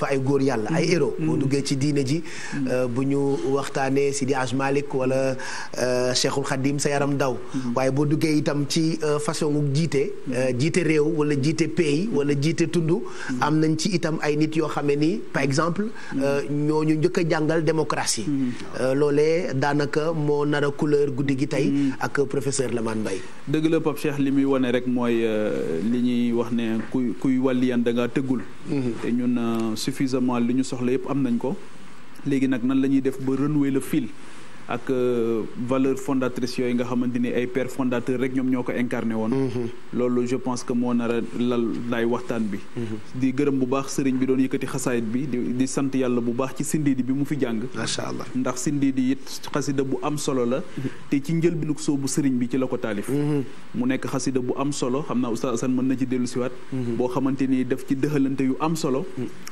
fa ay góor yàlla ay mm-hmm. héros boo mm-hmm. duggee ci diine ji mm-hmm. euh, bu ñu waxtaanee Sidi Aj Malik wala euh, Cheikhul Khadim sa yaram daw waaye boo duggee itam ci euh, façon gu jiite jiite réew wala jiite pays wala jiite tund am nañ ci itam ay nit yoo xamee ni par exemple ñoo ñu njëkk a jàngal démocratie loole daanaka moo nar a couleur guddi gi tey ak professeur Lamane Mbaye dëgg la Pape Cheikh li muy wane rek mooy li ñuy wax ne kuy kuy wàlliyan da tëggul te ñun suffisamment li ñu soxla yëpp am nañ ko léegi nag nan la ñuy def ba renouer le fil ak euh, valeur fondatrice yooyu nga xamante ni ay père fondateur rek ñoom ñoo ko incarné woon mhm. loolu je pense que moo nara a lal waxtaan bi mhm. di gërëm bu baax sëriñ bi doon yëkkati xasaayit bi di sant yàlla bu baax ci sindiidi bi mu fi jàng macha allah ndax sindiidi it xasida bu am solo la mhm. te ci njëlbinu soo bu sëriñ bi ci la ko taalif mu nekk xasida bu am solo xam naa oustaz Assane mën na ci dellu siwaat boo xamante ni daf ci dëxalante yu am solo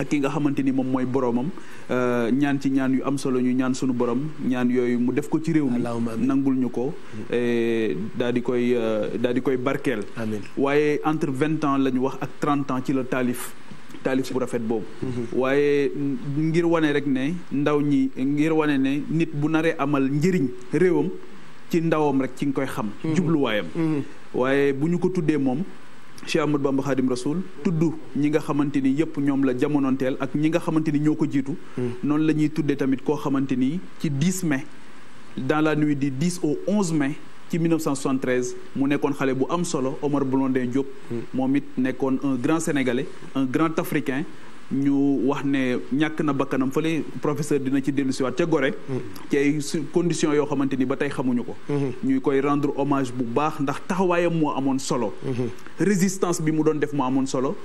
ak ki nga xamante ni moom mooy boroomam euh, ñaan ci ñaan yu am solo ñu ñaan sunu borom ñaan yooyu mu def ko ci réew mi nangul ñu ko eh, daal di koy eh, daal di koy barkeel waaye entre vingt ans la ñu wax ak trente ans ci la taalif taalif bu rafet boobu mhm. waaye ngir wane rek ne ndaw ñi ngir wane ne nit bu naree amal njëriñ réewam ci ndawam rek ci nga koy xam mhm. jubluwaayam mhm. waaye bu ñu ko tuddee moom Cheikh Ahmadou Bamba Khadim Rasoul tudd ñi nga xamante ni yëpp ñoom la jamononteel ak ñi nga xamante ni ñoo ko jiitu noonu la ñuy tuddee tamit koo xamante ni ci dis mais dans la nuit di 10 au 11 mai ci 1973 mu nekkoon xale bu am solo Omar Blondin Diop hmm. moom it nekkoon un grand sénégalais un grand africain ñu wax ne ñàkk na bakkanam fële professeur dina ci dellu siwaat ca Gorée hmm. ci ay conditions yoo xamante ni ba tey xamuñu ko hmm. ñuy koy rendre hommage bu baax ndax taxawaayam moo amoon solo résistance bi mu doon def mu amoon solo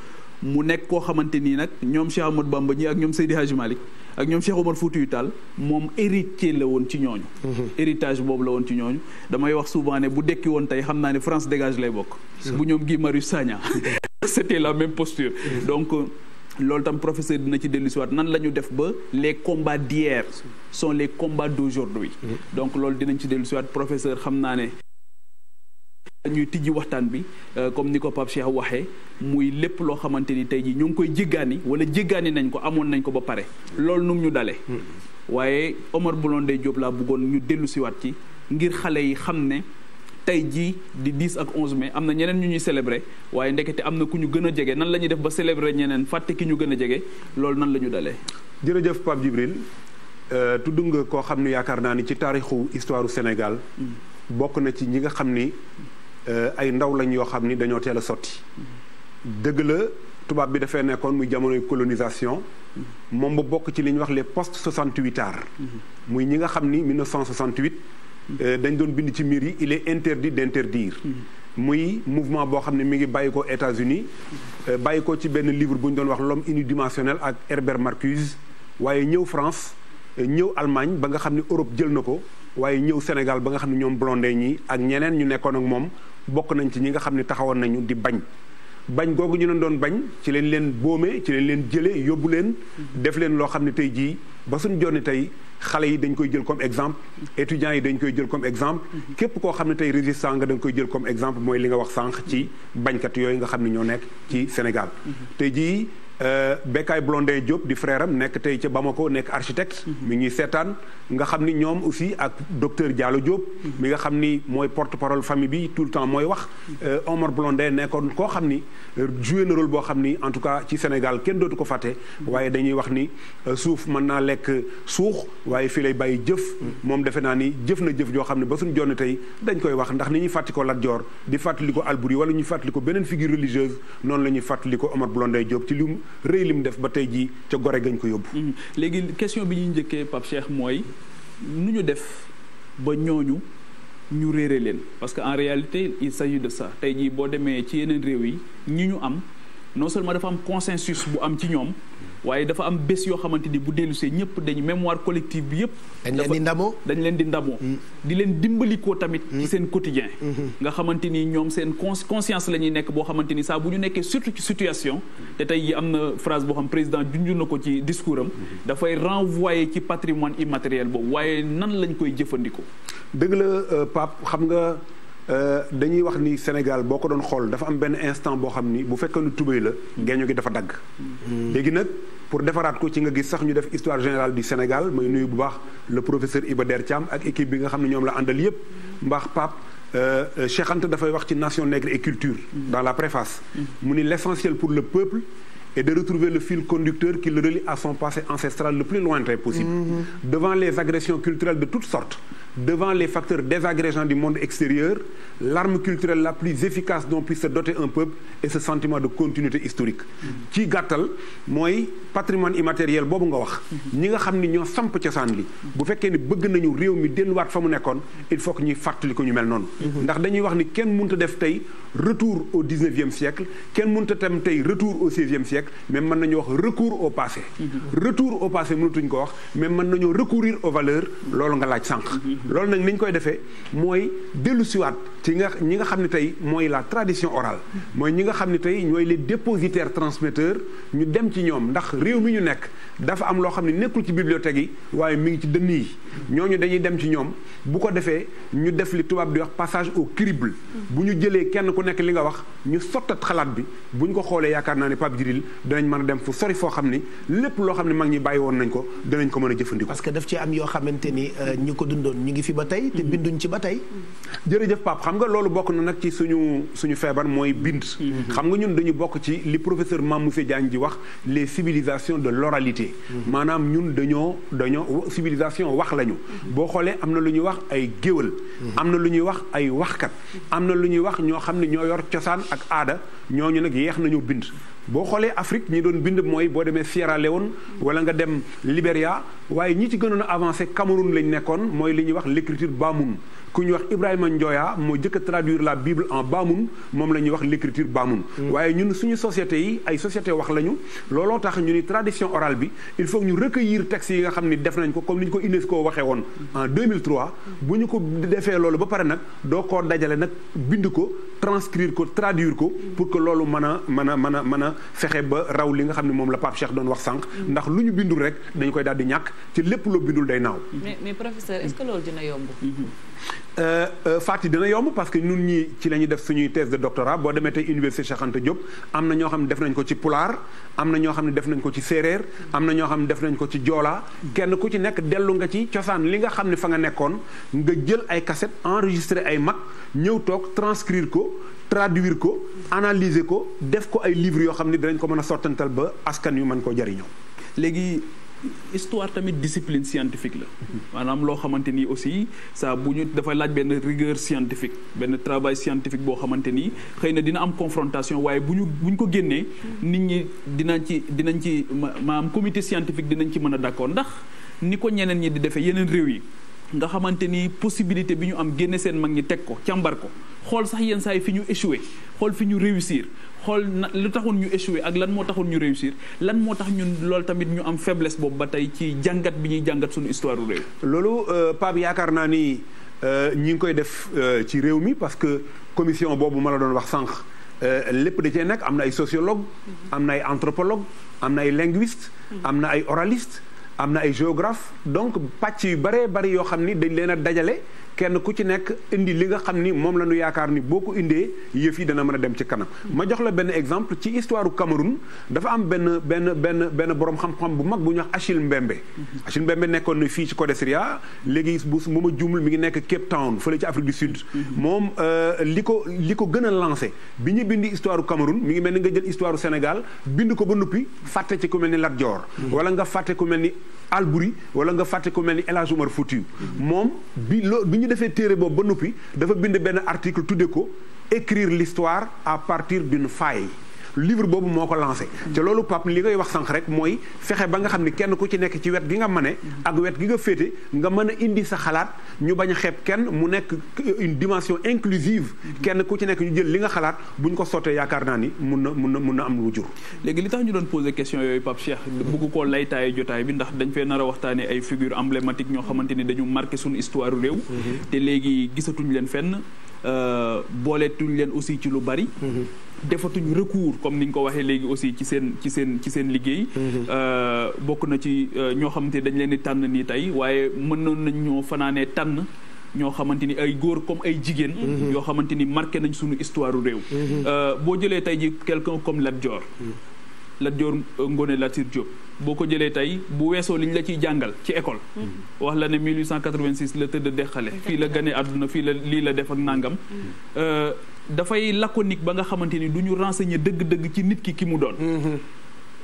mu nekk koo xamante nii nag ñoom Cheikh Ahmadou Bamba ñi ak ñoom Seydi Hadji Malick ak ñoom Cheikh Omar Foutiyou Tall moom héritier la woon ci ñooñu mhm. héritage boobu la woon ci ñooñu damay wax souvent ne bu dekki woon tey xam naa ne France dégage lay bokk bu ñoom Guy Marius Sagna c'était la même posture mhm. donc euh, loolu tam professeur dina ci dellu si waat nan la ñu def ba les combats d'hier sont les combats d'aujourd'hui mhm. donc loolu dinañ ci dellu si waat professeur xam naa ne ñuy tijji waxtaan bi euh, comme ni ko Pape Cheikh waxee muy lépp loo xamante ni tey jii ñoo ngi koy jéggaani wala jéggaani nañ ko amoon nañ ko ba pare loolu nu ñu dalee hmm. waaye Omar Blondin Diop laa bëggoon ñu dellu siwaat ci ngir xale yi xam ne tey jii di 10 ak onze mais am na ñeneen ñu ñuy célébrer waaye ndekete am na ku ñu gën a jege nan la ñuy def ba célébrer ñeneen fàtte ki ñu gën a jege loolu nan la ñu dalee jërëjëf Pape Djibril euh, tudd nga koo xam ne yaakaar naa ni ci taarixu histoire du Sénégal hmm. na ci ñi nga xam ni Euh, ay ndaw lañ yoo xam ni dañoo teela a sotti dëgg la tubaab bi dafay nekkoon muy jamonoy colonisation moom bu bokk ci li ñuy wax les post 68 arts muy ñi nga xam ni 1968 euh, dañ doon bind ci miir yi il est interdit d'interdire muy mouvement boo xam ne mi ngi bàyyi ko États-Unis euh, bàyyi ko ci benn livre bu ñu doon wax lom uni unidimensionnel ak Herbert Marcuse waaye ñëw France ñëw Allemagne ba nga xam ne Europe jël na ko waaye ñëw Sénégal ba nga xam ne ñoom Blondin ñi ak ñeneen ñu nekkoon ak moom bokk nañ ci ñi nga xam ne taxawoon nañu di bañ bañ googu ñu leen doon bañ ci leen leen boome ci leen leen jële yóbbu leen def leen loo xam ne tey jii ba suñ jonni tey xale yi dañ koy jël comme exemple étudiants yi dañ koy jël comme exemple képp koo xam ne tey résistant nga dañ koy jël comme exemple mooy li nga wax sànq ci bañkat yooyu nga xam ne ñoo nekk ci Sénégal tey jii Euh, Bécaye Blondin Diop di frère am nekk tey ca Bamako nekk architecte. Mhm. mi ngi seetaan nga xam ni ñoom aussi ak docteur Diallo Diop. Mhm. mi nga xam ni mooy porte-parole famille bi tout le temps mooy wax. Mhm. Euh, Omar Blondin nekkoon koo xam ni euh, joué na rôle boo xam ni en tout cas ci Sénégal kenn dootu ko fàtte. waaye dañuy wax ni suuf mën naa lekk suux waaye fii lay bàyyi jëf. moom defe naa ni jëf na jëf joo xam ne ba suñu jonn tey dañ koy wax ndax ni ñuy fàttali ko Lat Dior di fàttali ko Albouri wala ñuy fàttali ko beneen noonu la ñuy fàttali ko Omar Blondin Diop ci li rëy lim def ba tey jii ca gore gañ ko yóbbu. Mhm. léegi question bi ñuy njëkkee pap Cheikh mooy nu ñu def ba ñooñu ñu réere leen parce que en réalité il s'agit de ça tey jii boo demee ci yeneen réew yi ñi ñu am non seulement dafa am consensus bu am ci ñoom. waaye dafa am bés yoo xamante ni bu dellusee ñëpp dañu mémoire collective bi yëpp. dañ leen di ndamoo dañ leen di ndamoo. Mm. di leen dimbalikoo tamit. ci mm. seen quotidien mm-hmm. nga xamante ni ñoom seen conscience la ñuy nekk boo xamante ni saa bu ñu nekkee surtout ci situation. te tey yi am na phrase boo xam président junj na ko ci discours am. Mm-hmm. dafay renvoyer ci patrimoine immatériel boobu waaye nan lañ koy jëfandikoo. dëgg la euh, Pape xam nga. Euh, dañuy wax ni Sénégal boo ko doon xool dafa am benn instant boo xam ni bu fekkee lu tubéy la geeño gi dafa dagg hmm. léegi nag pour defaraat ko ci nga gis sax ñu def histoire générale du Sénégal may nuyu bu baax le professeur Iba Der ak équipe bi nga xam ne ñoom la àndal yépp mbaax Pape euh, euh, Cheikh Anta dafay wax ci nation nègre et culture dans la préface mu ni l'essentiel pour le peuple et de retrouver le fil conducteur qui le relie à son passé ancestral le plus lointain possible hmm. devant les agressions devant les facteurs désagrégeants du monde extérieur, l'arme culturelle la plus efficace dont puisse se doter un peuple est ce sentiment de continuité historique. ci gàttal mooy patrimoine immatériel boobu nga wax. ñi nga xam ni ñoo samp cosaan li. bu fekkee ni bëgg nañu réew mi delluwaat fa mu nekkoon il faut que ñuy fàttali ko ñu mel noonu. ndax dañuy wax ni kenn mënut a def tey retour au 19e siècle kenn mënut a tam tey retour au 16e siècle mën nañu wax recours au passé. Mm-hmm. retour au passé ko wax mais mën nañoo recourir aux valeurs nga laaj sànq. loolu nag ni ñu koy defee mooy dellu siwaat ci nga ñi nga xam ne tey mooy la tradition orale mooy ñi nga xam ne tey ñooy les dépositaires transmetteurs ñu dem ci ñoom ndax réew mi ñu nekk dafa am loo xam ne nekkul ci bibliothèque yi waaye mi ngi ci dënn yi ñooñu dañuy dem ci ñoom bu ko defee ñu def li tubaab bi wax passage au crible bu ñu jëlee kenn ku nekk li nga wax ñu sottat xalaat bi bu ñu ko xoolee yaakaar naa ne Pape Djibril danañ mën a dem fu sori foo xam ni lépp loo xam ne mag ñi bàyyi woon nañ ko danañ ko mën a jëfandikoo parce que daf ci yoo xamante ni euh, ñu ko dundoon ngi fi ba tey te mm-hmm. binduñ ci ba tey jërëjëf Pape xam nga loolu bokk na nag ci suñu suñu feebar mooy bind mm-hmm. xam nga ñun dañu bokk ci li professeur Mamoussé Diagne ji wax les civilisations de l'oralité mm-hmm. maanaam ñun dañoo dañoo civilisation wax lañu boo xoolee am na lu ñuy wax ay géwël am na lu ñuy wax ay waxkat am na lu ñuy wax ñoo xam ne ñoo yor cosaan ak aada ñooñu nag yeex nañu bind boo xoolee Afrique ñi doon bind mooy boo demee Sierra woon wala nga dem Libéria waaye ñi ci gënoon a avancé Cameroun lañ nekkoon mooy li ñuy wax l'écriture Bamoun ku ñuy wax Ibrahima Njoya moo jëkk a traduire la Bible en Bamoun moom la ñuy wax l'écriture Bamoun mm. waaye ñun suñu société yi ay société wax lañu looloo tax ñu ni tradition orale bi il faut ñu recueillir textes yi nga xam ni def nañ ko comme ni ñu ko UNESCO waxee woon en 2003 mm. bu ñu ko defee loolu ba pare nag doo koo dajale nag bind ko transcrire ko traduire ko pour que loolu mën a mën a mën a mën a fexe ba raw li nga xam ne moom la Pape Cheikh doon wax sànq ndax lu ñu bindul rek dañ koy daal di ñàkk ci lépp loo bindul day naaw mais mais professeur Euh, euh, fàtti dina yomb parce que ñun ñi ci la ñuy def suñuy thèse de doctorat boo demee tey université Cheikh Anta Diop am na ñoo xam ne def nañ ko ci pulaar am na ñoo xam ne def nañ ko ci séeréer am na ñoo xam ne def nañ ko ci joolaa kenn ku ci nekk dellu nga ci cosaan li nga xam ne fa nga nekkoon nga jël ay cassette enregistré ay mag ñëw toog transcrire ko traduir ko analyser ko def ko ay livres yoo xam ne dinañ ko mën a sottantal ba askan yu mën koo jariñoo léegi histoire tamit discipline scientifique la maanaam loo xamante ni aussi saa bu ñu dafay laaj benn rigueur scientifique benn travail scientifique boo xamante ni xëy na dina am confrontation waaye bu ñu buñ ko génnee nit ñi dinañ ci dinañ ci ma maanaam comité scientifique dinañ ci mën a d'accord ndax ni ko ñeneen ñi di defee yeneen réew yi nga xamante ni possibilité bi ñu am génne seen mag ñi teg ko càmbar ko xool sax yenn saa yi fi ñu échoué xool fi ñu réussir xool na lu taxoon ñu échoué ak lan moo taxoon ñu réussir lan moo tax ñun loolu tamit ñu am faiblesse boobu ba tey ci jàngat bi ñuy jàngat suñu histoire réew. loolu euh, Pape yaakaar naa ni euh, ñi ngi koy def euh, ci réew mi parce que commission boobu ma la doon wax sànq lépp da cee nekk am na ay sociologue mhm. am na ay anthropologue am na ay linguiste mhm. am na ay oraliste am na ay géographe donc pàcc yu bëree bëri yoo xam ni dañ leen a dajale kenn ku ci nekk indi li nga xam ni moom la ñu yaakaar ni boo ko indee yëf yi dana mën a dem ci kanam. ma jox la benn exemple ci histoire Cameroun dafa am benn benn benn benn borom xam-xam bu mag bu ñuy wax Achille Mbembe. Achille Mbembe nekkoon na fii ci Codesria léegi bu mu ma jumul mi ngi nekk Cape Town fële ci Afrique du Sud. moom euh, li ko li ko gën a lancé bi ñu bindi histoire kamarun mi ngi mel ni nga jël histoire Sénégal bind ko ba nuppi fàtte ci ku mel ni wala nga fàtte ku mel ni Albury wala nga fàtte ku mel ni El ñu defee téere boobu ba noppi dafa bind benn article tudde ko écrire l'histoire à partir d'une faille livre boobu moo ko lancé te loolu pap li ngay wax sànq rek mooy fexe ba nga xam ni kenn ku ci nekk ci wet gi nga mane ak wet gi nga féete nga mën a indi sa xalaat ñu bañ a xeeb kenn mu nekk une dimension inclusive kenn ku ci nekk ñu jël li nga xalaat bu ko sottee yaakaar naa ni mun na mun na mun na am lu jur léegi li tax ñu doon posé question yooyu Pape Cheikh bëgg koo laytaaye jotaay bi ndax dañ fee nar a waxtaane ay figure emblématique ñoo xamante ni dañu marqué suñu histoire réew mm-hmm. te léegi gisatuñ leen fenn euh, booleetuñ leen aussi ci lu bari mm-hmm. defatuñ recours comme ni ñu ko waxee léegi aussi ci seen ci seen seen liggéey. Mhm. Euh, bokk na ci euh, ñoo xamante dañ leen di tànn nii tey waaye mënoon nañ ñoo fanaanee tànn. ñoo xamante ni ay góor comme ay jigéen. Mhm. yoo xamante ni marqué nañ suñu histoire réew. Mhm. Euh, boo jëlee tey ji quelqu'un comme Lat Dior. Lat Dior Ngoné Latyr Diop boo ko jëlee tey bu weesoo li la ciy jàngal ci école. wax la ne 1886 la tëdd de xale. fii la gane àdduna fii la lii la def ak nangam. dafay laconique ba nga xamante ni du ñu renseigner dëgg-dëgg ci nit ki ki mu doon. Mhm.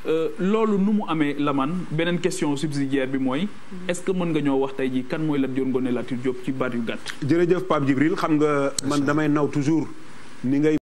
Euh, loolu nu mu amee la man beneen question subsidiaire bi mooy. Mhm. est-ce que mën nga ñoo wax tey jii kan mooy Lat Dior Ngoné Latyr Diop ci baat yu gàtt. jërëjëf Pape Djibril xam nga man damay naw toujours ni ngay.